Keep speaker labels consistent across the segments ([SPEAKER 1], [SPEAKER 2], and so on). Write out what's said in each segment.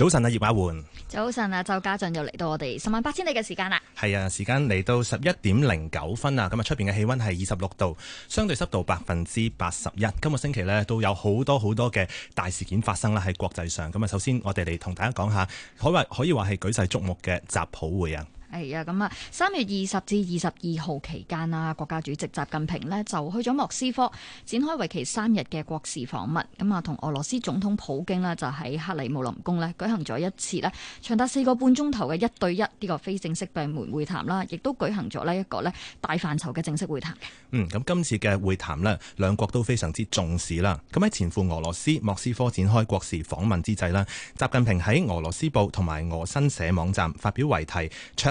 [SPEAKER 1] 早晨啊，葉雅煥。
[SPEAKER 2] 早晨啊，周家俊又嚟到我哋十萬八千里嘅時間啦。
[SPEAKER 1] 係啊，時間嚟到十一點零九分啊。咁啊，出邊嘅氣溫係二十六度，相對濕度百分之八十一。今個星期呢，都有好多好多嘅大事件發生啦，喺國際上。咁啊，首先我哋嚟同大家講下，可謂可以話係舉世矚目嘅習普會啊。
[SPEAKER 2] 係啊，咁啊、哎，三月二十至二十二號期間啊，國家主席習近平咧就去咗莫斯科，展開為期三日嘅國事訪問。咁啊，同俄羅斯總統普京咧就喺克里姆林宮咧舉行咗一次咧，長達四個半鐘頭嘅一對一呢個非正式閉門會談啦，亦都舉行咗呢一個咧大範疇嘅正式會談嘅。
[SPEAKER 1] 嗯，咁今次嘅會談咧，兩國都非常之重視啦。咁喺前赴俄羅斯莫斯科展開國事訪問之際啦，習近平喺俄羅斯報同埋俄新社網站發表題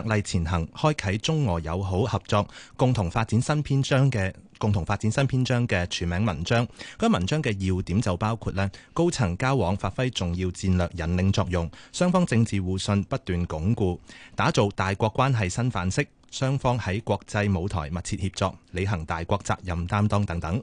[SPEAKER 1] 嚟前行，開啟中俄友好合作共同發展新篇章嘅共同發展新篇章嘅署名文章。嗰篇文章嘅要點就包括咧，高層交往發揮重要戰略引領作用，雙方政治互信不斷鞏固，打造大國關係新範式，雙方喺國際舞台密切協作，履行大國責任擔當等等。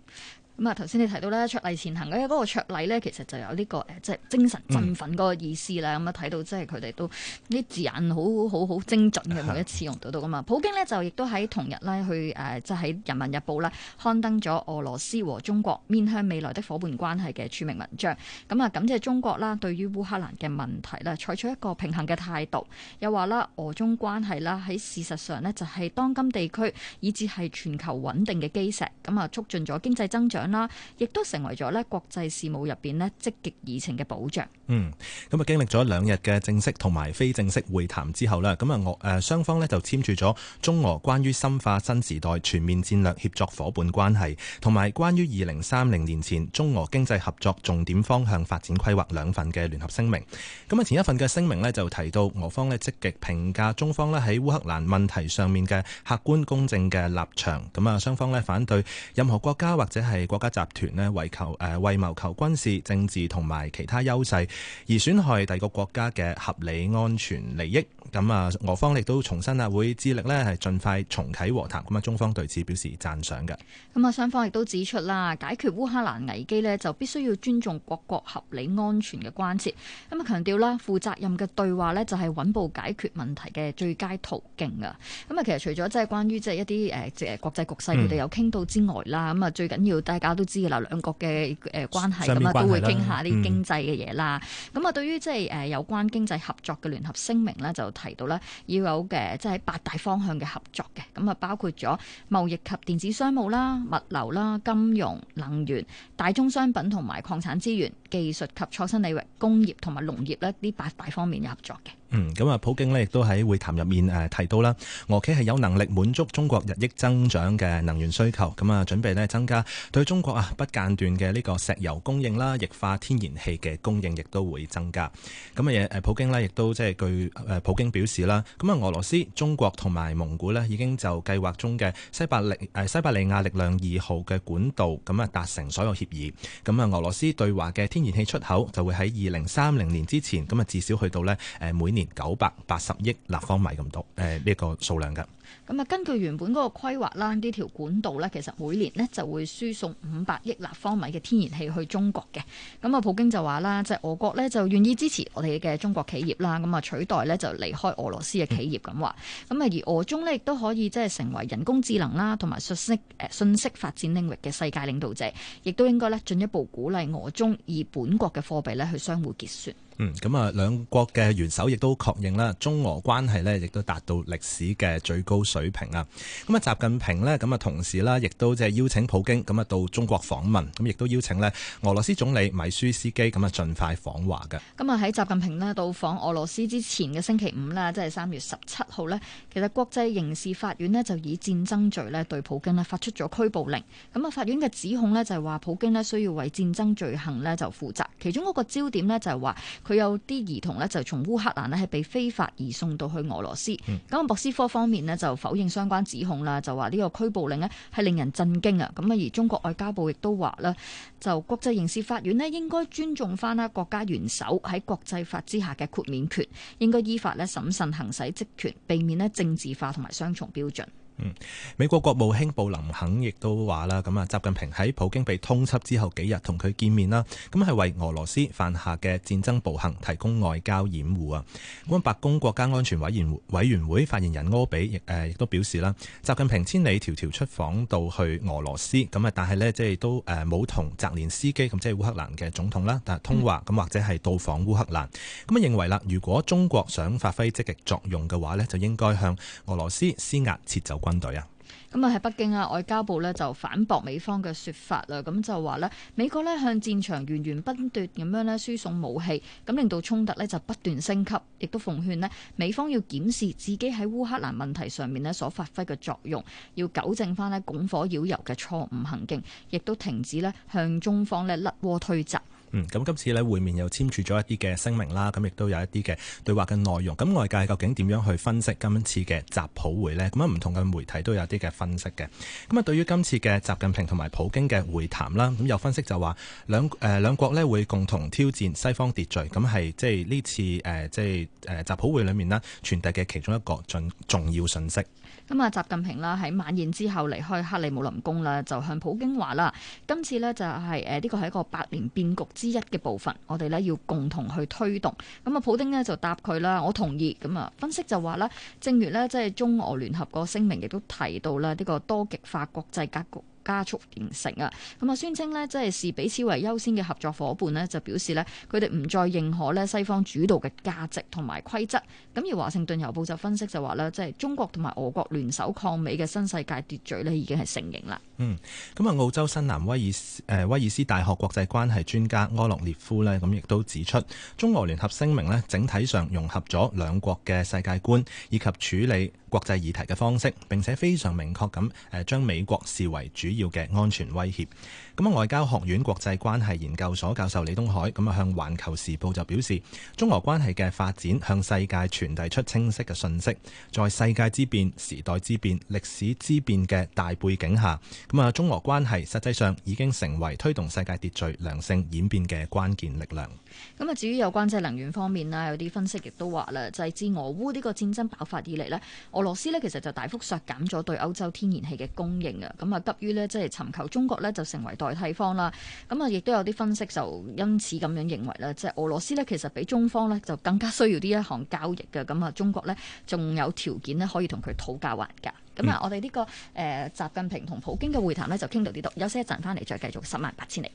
[SPEAKER 2] 咁啊，頭先你提到咧，踔厲前行咧，嗰個踔厲咧，其實就有呢、這個誒，即係精神振奮嗰個意思啦。咁啊、嗯，睇到即係佢哋都呢字眼好好好好精準嘅，每一次用到到啊嘛。的普京咧就亦都喺同日咧去誒即係喺《人民日報》咧刊登咗俄羅斯和中國面向未來的伙伴關係嘅署名文章。咁啊，感謝中國啦，對於烏克蘭嘅問題啦，採取一個平衡嘅態度。又話啦，俄中關係啦，喺事實上咧就係當今地區以至係全球穩定嘅基石。咁啊，促進咗經濟增長。啦，亦都成為咗咧國際事務入邊咧積極議程嘅保障。
[SPEAKER 1] 嗯，咁啊經歷咗兩日嘅正式同埋非正式會談之後咧，咁啊我誒雙方咧就簽署咗中俄關於深化新時代全面戰略協作伙伴關係同埋關於二零三零年前中俄經濟合作重點方向發展規劃兩份嘅聯合聲明。咁啊前一份嘅聲明咧就提到，俄方咧積極評價中方咧喺烏克蘭問題上面嘅客觀公正嘅立場。咁啊雙方咧反對任何國家或者係國家集團咧為求誒為謀求軍事、政治同埋其他優勢，而損害第二個國家嘅合理安全利益，咁啊，俄方亦都重申啊，會致力咧係盡快重啟和談。咁啊，中方對此表示讚賞嘅。
[SPEAKER 2] 咁啊，雙方亦都指出啦，解決烏克蘭危機咧就必須要尊重各國合理安全嘅關切。咁啊，強調啦，負責任嘅對話咧就係穩步解決問題嘅最佳途徑啊。咁啊，其實除咗即係關於即係一啲誒誒國際局勢佢哋有傾到之外啦，咁啊、嗯，最緊要大家都知啦，兩國嘅誒關係咁啊，都會傾下啲經濟嘅嘢啦。咁啊、嗯，對於即係誒有關經濟合作嘅聯合聲明咧，就提到咧要有嘅即係八大方向嘅合作嘅。咁啊，包括咗貿易及電子商務啦、物流啦、金融、能源、大宗商品同埋礦產資源、技術及創新領域、工業同埋農業咧，呢八大方面嘅合作嘅。
[SPEAKER 1] 嗯，咁啊，普京咧亦都喺會談入面誒、呃、提到啦，俄企係有能力滿足中國日益增長嘅能源需求，咁啊準備咧增加對中國啊不間斷嘅呢個石油供應啦，液化天然氣嘅供應亦都會增加。咁啊嘢普京咧亦都即係據誒普京表示啦，咁、嗯、啊俄羅斯、中國同埋蒙古咧已經就計劃中嘅西伯利誒西伯利亞力量二號嘅管道咁啊達成所有協議。咁、嗯、啊俄羅斯對華嘅天然氣出口就會喺二零三零年之前咁啊至少去到咧誒每年九百八十億立方米咁多，誒呢個數量嘅。
[SPEAKER 2] 咁啊，根據原本嗰個規劃啦，呢條管道咧，其實每年咧就會輸送五百億立方米嘅天然氣去中國嘅。咁啊，普京就話啦，即係俄國咧就願意支持我哋嘅中國企業啦。咁啊，取代咧就離開俄羅斯嘅企業咁話。咁啊，而俄中咧亦都可以即係成為人工智能啦同埋信息誒信息發展領域嘅世界領導者，亦都應該咧進一步鼓勵俄中以本國嘅貨幣咧去相互結算。嗯，
[SPEAKER 1] 咁啊，兩國嘅元首亦都確認啦，中俄關係咧亦都達到歷史嘅最高高水平啊！咁啊，習近平呢，咁啊，同時啦，亦都即係邀請普京咁啊，到中國訪問，咁亦都邀請呢，俄羅斯總理米舒斯基咁啊，盡快訪華嘅。
[SPEAKER 2] 咁啊，喺習近平呢，到訪俄羅斯之前嘅星期五呢，即係三月十七號呢，其實國際刑事法院呢，就以戰爭罪呢，對普京呢，發出咗拘捕令。咁啊，法院嘅指控呢，就係話普京呢，需要為戰爭罪行呢，就負責。其中一個焦點呢，就係話佢有啲兒童呢，就從烏克蘭呢，係被非法移送到去俄羅斯。咁啊、嗯，博斯科方面呢，就。就否認相關指控啦，就話呢個拘捕令呢，係令人震驚啊！咁啊，而中國外交部亦都話呢，就國際刑事法院呢，應該尊重翻啦，國家元首喺國際法之下嘅豁免權，應該依法咧，審慎行使職權，避免呢，政治化同埋雙重標準。
[SPEAKER 1] 嗯，美國國務卿布林肯亦都話啦，咁啊，習近平喺普京被通緝之後幾日同佢見面啦，咁係為俄羅斯犯下嘅戰爭暴行提供外交掩護啊。咁啊，白宮國家安全委員委員會發言人柯比亦誒亦都表示啦，習近平千里迢迢出訪到去俄羅斯，咁啊，但係呢，即係都誒冇同澤連斯基咁即係烏克蘭嘅總統啦，但係通話咁或者係到訪烏克蘭，咁啊、嗯、認為啦，如果中國想發揮積極作用嘅話呢就應該向俄羅斯施壓撤走軍隊啊！
[SPEAKER 2] 咁啊喺北京啊，外交部呢就反駁美方嘅說法啦。咁就話呢，美國呢向戰場源源不斷咁樣呢輸送武器，咁令到衝突呢就不斷升級，亦都奉勸呢美方要檢視自己喺烏克蘭問題上面呢所發揮嘅作用，要糾正翻呢拱火澆油嘅錯誤行徑，亦都停止呢向中方呢甩鍋推責。
[SPEAKER 1] 嗯，咁今次咧會面又簽署咗一啲嘅聲明啦，咁亦都有一啲嘅對話嘅內容。咁外界究竟點樣去分析今次嘅習普會呢？咁啊，唔同嘅媒體都有啲嘅分析嘅。咁啊，對於今次嘅習近平同埋普京嘅會談啦，咁有分析就話兩誒兩國咧會共同挑戰西方秩序，咁係、呃、即係呢次誒即係誒習普會裡面啦傳遞嘅其中一個重重要信息。
[SPEAKER 2] 咁啊，習近平啦喺晚宴之後離開克里姆林宮啦，就向普京話啦：今次呢、就係，就係誒呢個係一個百年變局之一嘅部分，我哋呢，要共同去推動。咁啊，普京呢，就答佢啦，我同意。咁啊，分析就話啦，正如咧即係中俄聯合個聲明亦都提到啦，呢個多極化國際格局，加速形成啊！咁啊，宣稱咧，即係視彼此為優先嘅合作伙伴咧，就表示咧，佢哋唔再認可咧西方主導嘅價值同埋規則。咁而華盛頓郵報就分析就話咧，即係中國同埋俄國聯手抗美嘅新世界秩序咧，已經係成形啦。嗯，
[SPEAKER 1] 咁啊，澳洲新南威爾斯誒威爾斯大學國際關係專家安洛列夫咧，咁亦都指出，中俄聯合聲明咧，整體上融合咗兩國嘅世界觀以及處理國際議題嘅方式，並且非常明確咁誒將美國視為主。主。要嘅安全威脅，咁、嗯、啊，外交學院國際關係研究所教授李東海咁啊、嗯，向《環球時報》就表示，中俄關係嘅發展向世界傳遞出清晰嘅信息，在世界之變、時代之變、歷史之變嘅大背景下，咁、嗯、啊，中俄關係實際上已經成為推動世界秩序良性演變嘅關鍵力量。
[SPEAKER 2] 咁啊，至於有關即能源方面啦，有啲分析亦都話啦，就係、是、自俄烏呢個戰爭爆發以嚟咧，俄羅斯咧其實就大幅削減咗對歐洲天然氣嘅供應啊，咁啊，急於咧。即係尋求中國咧就成為代替方啦，咁啊，亦都有啲分析就因此咁樣認為啦，即係俄羅斯咧其實比中方咧就更加需要呢一項交易嘅，咁啊，中國咧仲有條件咧可以同佢討價還價。咁啊、嗯、我哋呢個誒習近平同普京嘅會談咧就傾到呢度，休息一陣翻嚟再繼續十萬八千里。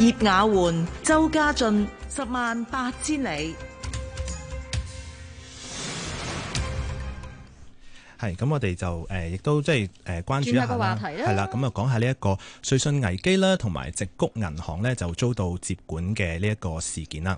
[SPEAKER 1] 葉雅煥、周家俊，十萬八千里。係，咁我哋就誒亦、呃、都即係誒關注一下啦，係啦，咁啊講下呢一個瑞信危機啦，同埋矽谷銀行咧就遭到接管嘅呢一個事件啦。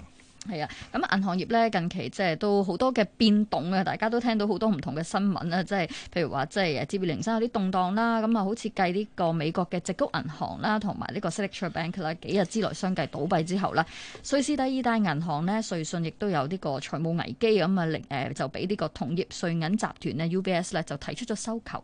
[SPEAKER 2] 係啊，咁銀行業咧近期即係都好多嘅變動啊！大家都聽到好多唔同嘅新聞啦，即係譬如話即係接二連三有啲動盪啦，咁啊好似繼呢個美國嘅矽谷銀行啦，同埋呢個 Signature Bank 啦，幾日之內相繼倒閉之後啦，瑞士第二大銀行咧瑞信亦都有呢個財務危機咁啊，令誒就俾呢個同業瑞銀集團咧 UBS 咧就提出咗收購。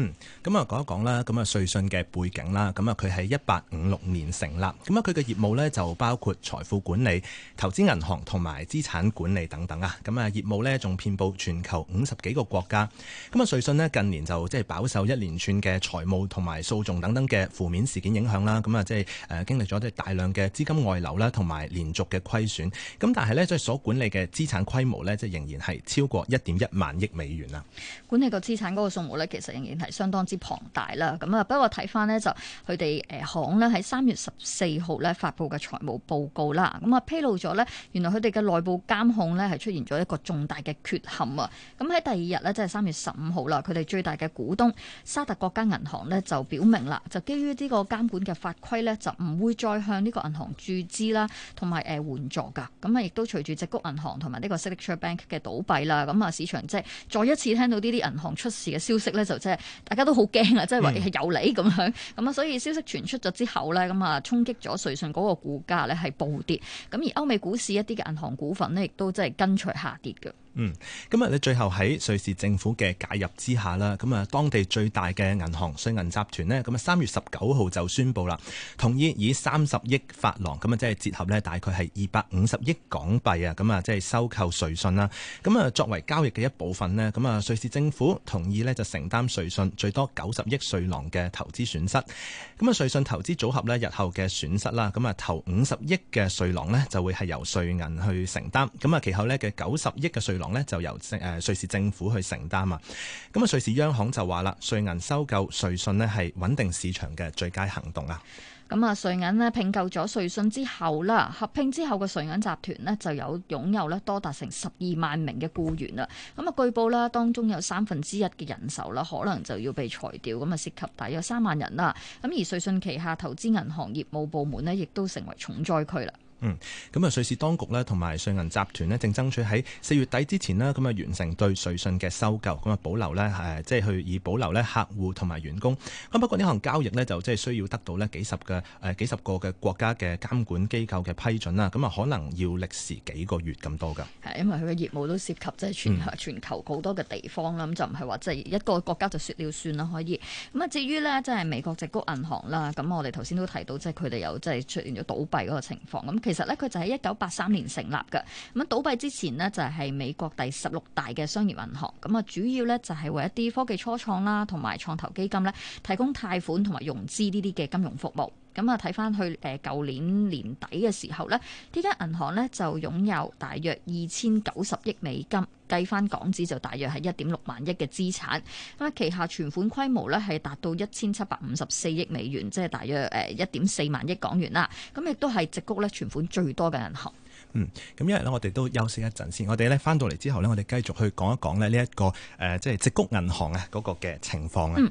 [SPEAKER 1] 嗯，咁啊，講一講啦，咁啊，瑞信嘅背景啦，咁啊，佢喺一八五六年成立，咁啊，佢嘅業務呢，就包括財富管理、投資銀行同埋資產管理等等啊，咁啊，業務呢，仲遍佈全球五十幾個國家。咁啊，瑞信呢，近年就即係飽受一連串嘅財務同埋訴訟等等嘅負面事件影響啦，咁啊，即係誒經歷咗啲大量嘅資金外流啦，同埋連續嘅虧損。咁但係呢，即係所管理嘅資產規模呢，即係仍然係超過一點一萬億美元啊。
[SPEAKER 2] 管理個資產嗰個數目呢，其實仍然係。相當之龐大啦，咁啊，不過睇翻呢，就佢哋誒行咧喺三月十四號咧發布嘅財務報告啦，咁啊披露咗呢，原來佢哋嘅內部監控呢，係出現咗一個重大嘅缺陷啊！咁喺第二、就是、日呢，即係三月十五號啦，佢哋最大嘅股東沙特國家銀行呢，就表明啦，就基於呢個監管嘅法規呢，就唔會再向呢個銀行注資啦，同埋誒援助噶。咁啊，亦都隨住矽谷銀行同埋呢個 Signature Bank 嘅倒閉啦，咁啊市場即係再一次聽到呢啲銀行出事嘅消息呢，就即係。大家都好驚啊！即係話有理咁、嗯、樣，咁啊，所以消息傳出咗之後咧，咁啊，衝擊咗瑞信嗰個股價咧係暴跌。咁而歐美股市一啲嘅銀行股份咧，亦都真係跟隨下跌嘅。
[SPEAKER 1] 嗯，咁啊，你最後喺瑞士政府嘅介入之下啦，咁啊，當地最大嘅銀行瑞銀集團呢，咁啊三月十九號就宣布啦，同意以三十億法郎，咁啊即係折合呢大概係二百五十億港幣啊，咁啊即係收購瑞信啦。咁啊作為交易嘅一部分呢，咁啊瑞士政府同意呢就承擔瑞信最多九十億瑞郎嘅投資損失。咁啊瑞信投資組合呢，日後嘅損失啦，咁啊投五十億嘅瑞郎呢就會係由瑞銀去承擔。咁啊其後呢嘅九十億嘅瑞就由誒瑞士政府去承擔嘛，咁啊瑞士央行就話啦，瑞銀收購瑞信咧係穩定市場嘅最佳行動啊。
[SPEAKER 2] 咁啊瑞銀咧併購咗瑞信之後啦，合併之後嘅瑞銀集團咧就有擁有咧多達成十二萬名嘅僱員啦。咁啊據報啦，當中有三分之一嘅人手啦，可能就要被裁掉，咁啊涉及大約三萬人啦。咁而瑞信旗下投資銀行業務部門咧，亦都成為重災區啦。
[SPEAKER 1] 嗯，咁啊，瑞士當局咧同埋瑞銀集團咧正爭取喺四月底之前啦，咁啊完成對瑞信嘅收購，咁啊保留咧即係去以保留咧客戶同埋員工。咁不過呢項交易咧就即係需要得到咧幾十個誒幾十個嘅國家嘅監管機構嘅批准啦，咁啊可能要歷時幾個月咁多噶。
[SPEAKER 2] 因為佢嘅業務都涉及即係全球全球好多嘅地方啦，咁、嗯、就唔係話即係一個國家就説了算啦，可以。咁啊至於咧即係美國直股銀行啦，咁我哋頭先都提到即係佢哋有即係出現咗倒閉嗰個情況咁。其實咧，佢就喺一九八三年成立嘅。咁倒閉之前呢，就係美國第十六大嘅商業銀行。咁啊，主要咧就係為一啲科技初創啦，同埋創投基金咧，提供貸款同埋融資呢啲嘅金融服務。咁啊，睇翻去誒舊年年底嘅時候呢，呢間銀行呢就擁有大約二千九十億美金，計翻港紙就大約係一點六萬億嘅資產。咁啊，旗下存款規模呢係達到一千七百五十四億美元，即係大約誒一點四萬億港元啦。咁亦都係矽谷咧存款最多嘅銀行。
[SPEAKER 1] 嗯，咁因為呢，我哋都休息一陣先，我哋呢翻到嚟之後呢，我哋繼續去講一講咧呢一個誒，即係矽谷銀行啊嗰個嘅情況咧。嗯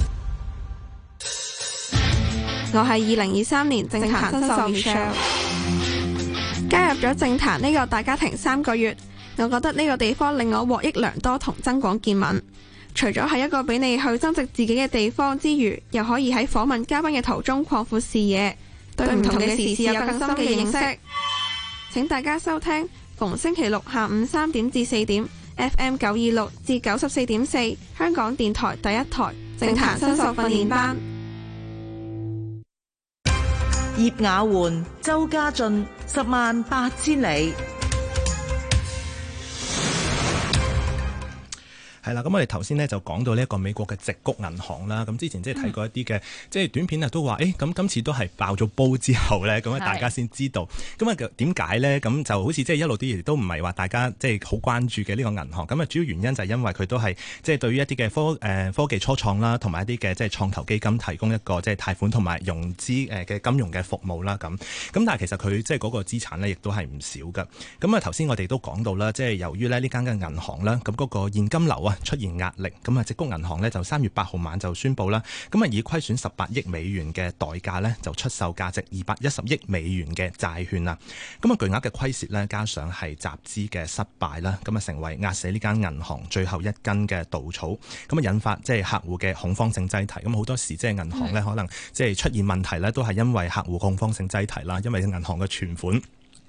[SPEAKER 2] 我係二零二三年政壇新秀 m Michelle 加入咗政壇呢個大家庭三個月，我覺得呢個地方令我獲益良多同增廣見聞。除咗係一個俾你去增值自己嘅地方之餘，又可以喺訪問嘉賓嘅途中擴闊視野，對唔同嘅時事有更深嘅認識。請大家收聽逢星期六下午三點至四點，FM 九二六至九十四點四，香港電台第一台政壇新秀訓練班。
[SPEAKER 1] 葉雅桓、周家俊，十萬八千里。係啦，咁我哋頭先咧就講到呢一個美國嘅矽谷銀行啦。咁之前即係睇過一啲嘅、嗯、即係短片啊，都話誒，咁今次都係爆咗煲之後咧，咁啊大家先知道。咁啊點解咧？咁就好似即係一路啲人都唔係話大家即係好關注嘅呢個銀行。咁啊主要原因就係因為佢都係即係對於一啲嘅科誒、呃、科技初創啦，同埋一啲嘅即係創投基金提供一個即係、就是、貸款同埋融資誒嘅金融嘅服務啦。咁咁但係其實佢即係嗰個資產咧，亦都係唔少㗎。咁啊頭先我哋都講到啦，即、就、係、是、由於咧呢間嘅銀行啦，咁嗰個現金流啊～出現壓力，咁啊，矽谷銀行咧就三月八號晚就宣布啦，咁啊以虧損十八億美元嘅代價咧，就出售價值二百一十億美元嘅債券啦。咁啊，巨額嘅虧蝕咧，加上係集資嘅失敗啦，咁啊成為壓死呢間銀行最後一根嘅稻草，咁啊引發即係客戶嘅恐慌性擠提。咁好多時即係銀行咧，可能即係出現問題咧，都係因為客戶恐慌性擠提啦，因為銀行嘅存款。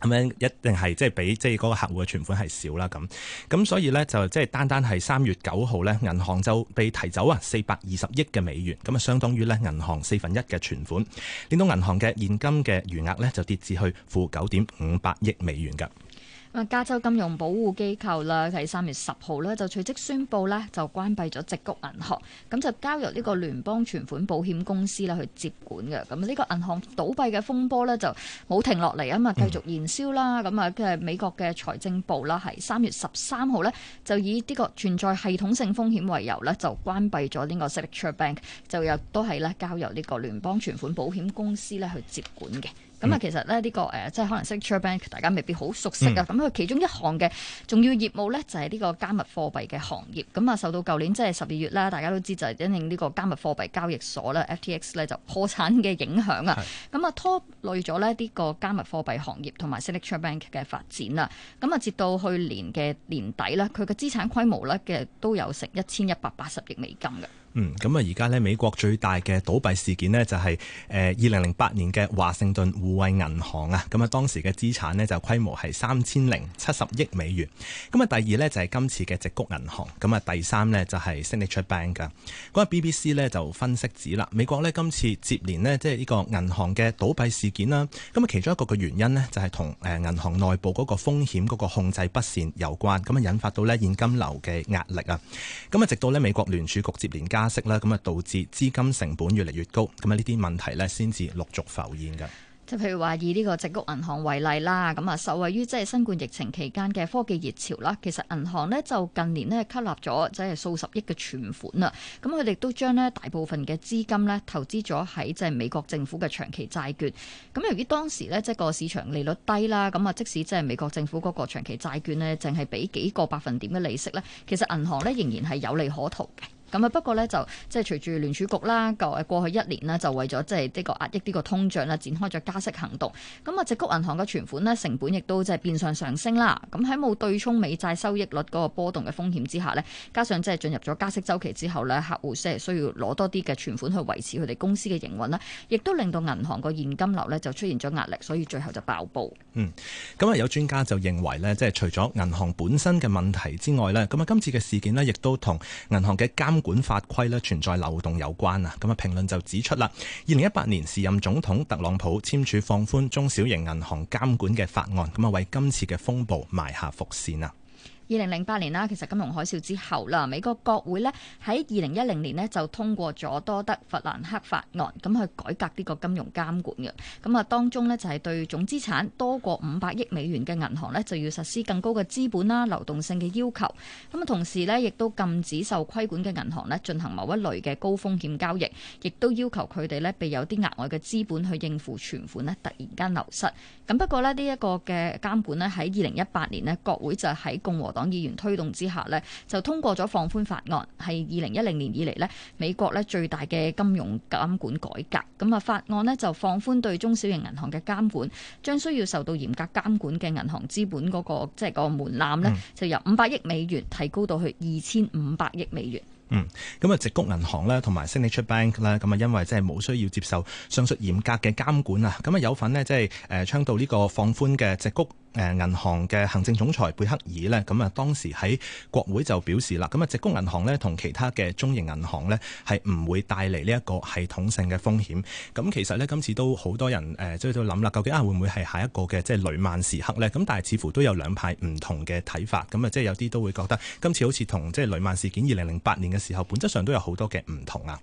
[SPEAKER 1] 咁樣一定係即係比即係嗰個客戶嘅存款係少啦咁。咁所以咧就即係單單係三月九號咧，銀行就被提走啊四百二十億嘅美元，咁啊相當於咧銀行四分一嘅存款，令到銀行嘅現金嘅餘額咧就跌至去負九點五百億美元㗎。
[SPEAKER 2] 啊！加州金融保護機構啦，喺三月十號咧就隨即宣布咧就關閉咗矽谷銀行，咁就交由呢個聯邦存款保險公司啦去接管嘅。咁呢個銀行倒閉嘅風波咧就冇停落嚟啊嘛，繼續燃燒啦。咁啊、嗯，即係美國嘅財政部啦，係三月十三號咧就以呢個存在系統性風險為由咧就關閉咗呢個 Signature Bank，就又都係咧交由呢個聯邦存款保險公司咧去接管嘅。咁啊，嗯、其實咧、這、呢個誒、呃，即係可能 Signature Bank 大家未必好熟悉啊。咁佢、嗯、其中一項嘅重要業務咧，就係呢個加密貨幣嘅行業。咁啊，受到舊年即係十二月啦，大家都知就係因應呢個加密貨幣交易所啦，FTX 咧就破產嘅影響啊。咁啊是、嗯，拖累咗呢呢個加密貨幣行業同埋 Signature Bank 嘅發展啦。咁 啊樂，截至到去年嘅年底咧，佢嘅資產規模咧嘅都有成一千一百八十億美金嘅。
[SPEAKER 1] 嗯，咁啊，而家咧，美國最大嘅倒閉事件呢，就係誒二零零八年嘅華盛頓互惠銀行啊，咁啊，當時嘅資產呢，就規模係三千零七十億美元。咁啊，第二呢，就係今次嘅矽谷銀行，咁啊，第三呢，就係 Signature Bank 噶。嗰個 BBC 呢，就分析指啦，美國呢，今次接連呢，即係呢個銀行嘅倒閉事件啦，咁啊，其中一個嘅原因呢，就係同誒銀行內部嗰個風險嗰個控制不善有關，咁啊，引發到呢現金流嘅壓力啊。咁啊，直到呢美國聯儲局接連加加息啦，咁啊，導致資金成本越嚟越高。咁啊，呢啲問題咧，先至陸續浮現噶。即
[SPEAKER 2] 係譬如話以呢個矽谷銀行為例啦，咁啊，受惠於即係新冠疫情期間嘅科技熱潮啦。其實銀行咧就近年咧吸納咗即係數十億嘅存款啊。咁佢哋都將呢大部分嘅資金咧投資咗喺即係美國政府嘅長期債券。咁由於當時咧即係個市場利率低啦，咁啊，即使即係美國政府嗰個長期債券呢，淨係俾幾個百分點嘅利息咧，其實銀行咧仍然係有利可圖嘅。咁啊，不過呢，就即係隨住聯儲局啦，過過去一年呢，就為咗即係呢個壓抑呢個通脹咧，展開咗加息行動。咁啊，矽谷銀行嘅存款呢，成本亦都即係變相上升啦。咁喺冇對沖美債收益率嗰個波動嘅風險之下呢，加上即係進入咗加息周期之後呢，客戶先係需要攞多啲嘅存款去維持佢哋公司嘅營運啦，亦都令到銀行個現金流呢就出現咗壓力，所以最後就爆煲。
[SPEAKER 1] 嗯，咁啊有專家就認為呢，即係除咗銀行本身嘅問題之外呢，咁啊今次嘅事件呢，亦都同銀行嘅監管法規咧，存在漏洞有關啊，咁啊評論就指出啦，二零一八年時任總統特朗普簽署放寬中小型銀行監管嘅法案，咁、嗯、啊為今次嘅風暴埋下伏線啊。
[SPEAKER 2] 二零零八年啦，其實金融海嘯之後啦，美國國會呢喺二零一零年呢就通過咗多德弗蘭克法案，咁去改革呢個金融監管嘅。咁啊，當中呢就係對總資產多過五百億美元嘅銀行呢就要實施更高嘅資本啦、流動性嘅要求。咁啊，同時呢亦都禁止受規管嘅銀行呢進行某一類嘅高風險交易，亦都要求佢哋呢備有啲額外嘅資本去應付存款呢突然間流失。咁不過呢，呢一個嘅監管呢喺二零一八年呢，國會就喺共和黨議員推動之下咧，就通過咗放寬法案，係二零一零年以嚟咧，美國咧最大嘅金融監管改革。咁啊，法案咧就放寬對中小型銀行嘅監管，將需要受到嚴格監管嘅銀行資本嗰個即係個門檻咧，嗯、就由五百億美元提高到去二千五百億美元。
[SPEAKER 1] 嗯，咁啊，矽谷銀行咧，同埋 Signature Bank 咧，咁啊，因為即係冇需要接受上述嚴格嘅監管啊，咁啊，有份呢，即係誒倡導呢個放寬嘅矽谷誒銀行嘅行政總裁貝克爾呢。咁啊，當時喺國會就表示啦，咁啊，矽谷銀行呢，同其他嘅中型銀行呢，係唔會帶嚟呢一個系統性嘅風險。咁其實呢，今次都好多人誒即係都諗啦，究竟啊會唔會係下一個嘅即係雷曼時刻呢？咁但係似乎都有兩派唔同嘅睇法。咁啊，即係有啲都會覺得今次好似同即係雷曼事件二零零八年嘅時候，本質上都有好多嘅唔同啊。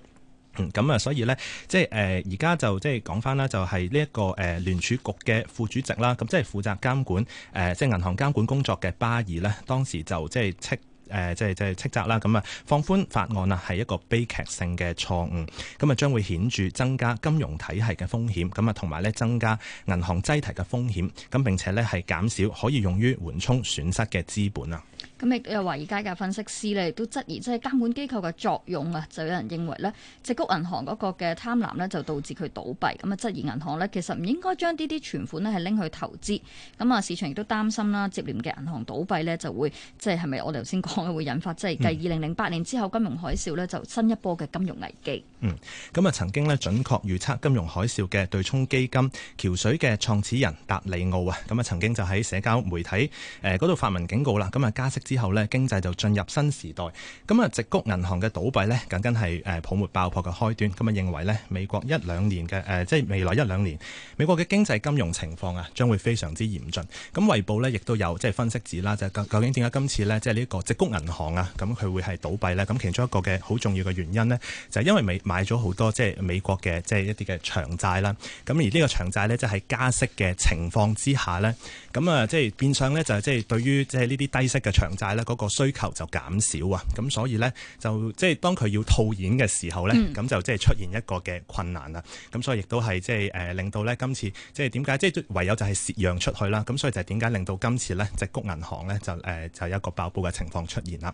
[SPEAKER 1] 嗯，咁啊，所以咧，即係誒，而、呃、家就即係講返啦，就係呢一個誒、呃、聯儲局嘅副主席啦，咁、啊、即係負責監管誒、呃，即係銀行監管工作嘅巴爾呢，當時就即係斥誒，即係、呃、即係斥責啦。咁啊，放寬法案啊，係一個悲劇性嘅錯誤，咁啊，將會顯著增加金融體系嘅風險，咁啊，同埋咧增加銀行擠提嘅風險，咁、啊、並且咧係減少可以用於緩衝損失嘅資本啊。
[SPEAKER 2] 咁亦有華爾街嘅分析師咧，亦都質疑即係監管機構嘅作用啊，就有人認為咧，矽谷銀行嗰個嘅貪婪咧就導致佢倒閉。咁啊，質疑銀行咧其實唔應該將呢啲存款咧係拎去投資。咁啊，市場亦都擔心啦，接連嘅銀行倒閉咧就會即係係咪我哋頭先講嘅會引發即係繼二零零八年之後金融海嘯咧就新一波嘅金融危
[SPEAKER 1] 機。嗯，咁、嗯、啊曾經咧準確預測金融海嘯嘅對沖基金橋水嘅創始人達利奧啊，咁、嗯、啊曾經就喺社交媒體誒嗰度發文警告啦。咁、嗯、啊加息之後呢，經濟就進入新時代。咁、嗯、啊矽谷銀行嘅倒閉呢，僅僅係誒泡沫爆破嘅開端。咁、嗯、啊認為呢，美國一兩年嘅誒、呃，即係未來一兩年，美國嘅經濟金融情況啊，將會非常之嚴峻。咁、嗯、衛、嗯、報呢，亦都有即係分析指啦，就究竟點解今次呢，即係呢一個矽谷銀行啊，咁佢會係倒閉呢？咁、這個這個這個、其中一個嘅好重要嘅原因呢，就係因為美，買咗好多即係美國嘅即係一啲嘅長債啦，咁而呢個長債咧即係加息嘅情況之下咧，咁啊即係變相咧就係即係對於即係呢啲低息嘅長債咧嗰個需求就減少啊，咁所以咧就即係當佢要套現嘅時候咧，咁就即係出現一個嘅困難啦，咁、嗯、所以亦都係即係誒令到咧今次即係點解即係唯有就係蝕讓出去啦，咁所以就點解令到今次咧矽谷銀行咧就誒就係一個爆煲嘅情況出現啦。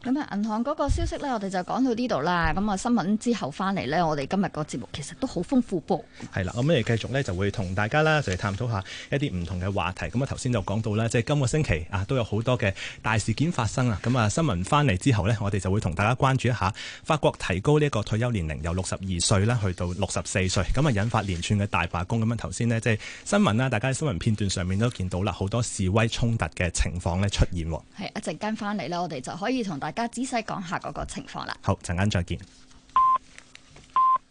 [SPEAKER 2] 咁啊，銀行嗰個消息咧，我哋就講到呢度啦。咁啊，新聞之後翻嚟，呢，我哋今日個節目其實都好豐富噃。
[SPEAKER 1] 係啦，咁我哋繼續咧就會同大家啦，就嚟探討下一啲唔同嘅話題。咁啊，頭先就講到啦，即係今個星期啊，都有好多嘅大事件發生啦。咁啊，新聞翻嚟之後呢，我哋就會同大家關注一下法國提高呢個退休年齡由六十二歲啦，去到六十四歲，咁啊引發連串嘅大罷工。咁樣頭先呢，即係新聞啦，大家新聞片段上面都見到啦，好多示威衝突嘅情況呢出現。係
[SPEAKER 2] 一陣間翻嚟呢，我哋就可以同大家仔細講下嗰個情況啦。
[SPEAKER 1] 好，陣間再見。